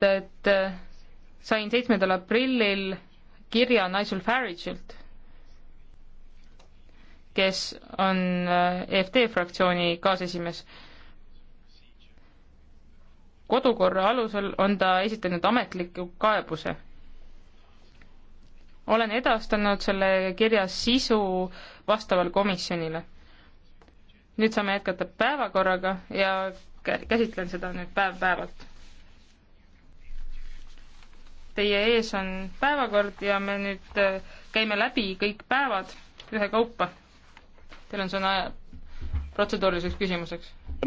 et sain seitsmendal aprillil kirja Nigel Farage'ilt, kes on EFD äh, fraktsiooni kaasesimees. kodukorra alusel on ta esitanud ametliku kaebuse. olen edastanud selle kirja sisu vastaval komisjonile. nüüd saame jätkata päevakorraga ja käsitlen seda nüüd päev-päevalt teie ees on päevakord ja me nüüd äh, käime läbi kõik päevad ühekaupa. Teil on sõna protseduuriliseks küsimuseks